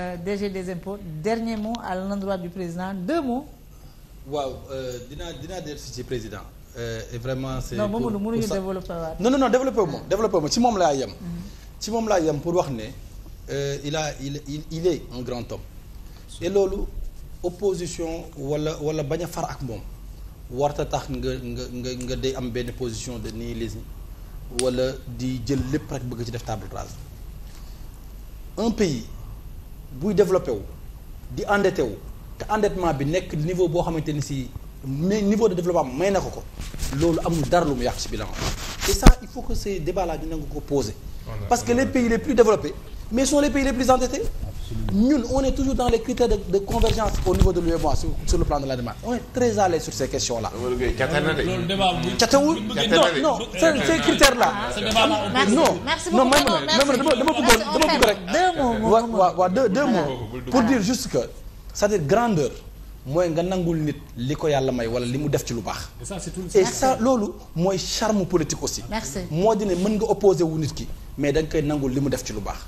Euh, DG des impôts à l'endroit du président deux mots. waaw dinaa euh, dina dellu si ci président. Euh, et vraiment c'est non Mamadou mënuñu développé waat non non non ah. ci moom laa yem. Mhm. ci moom laa yem pour wax ne il a il est un grand homme. et loolu opposition wala wala bañ a far ak moom warta tax nga nga nga nga am benn position de nihilisme wala di jël lépp rek bëgg ci def table rase un pays. buy développé wu di endetté wu te endettement bi nekk niveau boo xamante ni si mais niveau de développement may na ko ko loolu amul dara lu mu yàq si bilan et ça il faut que ce débat là ñu nangu ko poser parce que les pays les plus développés mais sont les pays les plus endettés ñun on est toujours dans les critères de, convergence au niveau de l'UEMOA sur, le plan de la demande on est très à sur ces questions là non ces critères là non non waaw waaw waaw deux deux mots pour dire juste que cest à grandeur mooy nga nangul nit li ko yàlla may wala li mu def ci lu baax. et sa loolu mooy charme politique aussi. merci moo di mën nga opposé wu nit ki mais da koy nangul li mu def ci lu baax.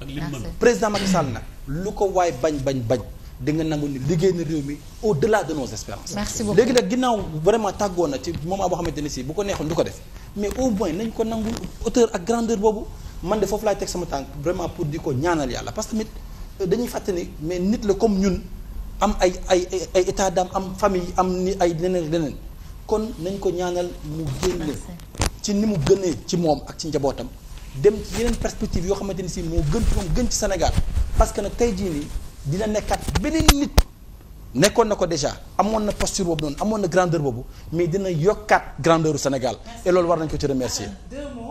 président Macky Sall nag lu ko waaye bañ bañ bañ. di nga nangu ni liggéey na réew mi au-delà de nos espérances. merci beaucoup léegi nag ginnaaw vraiment tàggoo na ci moom boo xamante ne si bu ko neexoon du ko def mais au moins nañ ko nangu hauteur ak boobu. man de foofu laay teg sama tànk vraiment pour di ko ñaanal yàlla parce que tamit euh, dañuy fàttali mais nit la comme ñun am ay ay ay état d'âme am famille am ni ay leneen leneen kon nañ ko ñaanal mu génne ci ni mu gënee ci moom ak ci njabootam dem ci yeneen perspective yoo xamante ni si moo gën ci moom gën ci Sénégal parce que nag tey jii nii dina nekkaat beneen nit nekkoon na ko déjà amoon na posture boobu noonu amoon na grandeur boobu mais dina yokkaat grandeur u Sénégal et loolu war nañ ko ci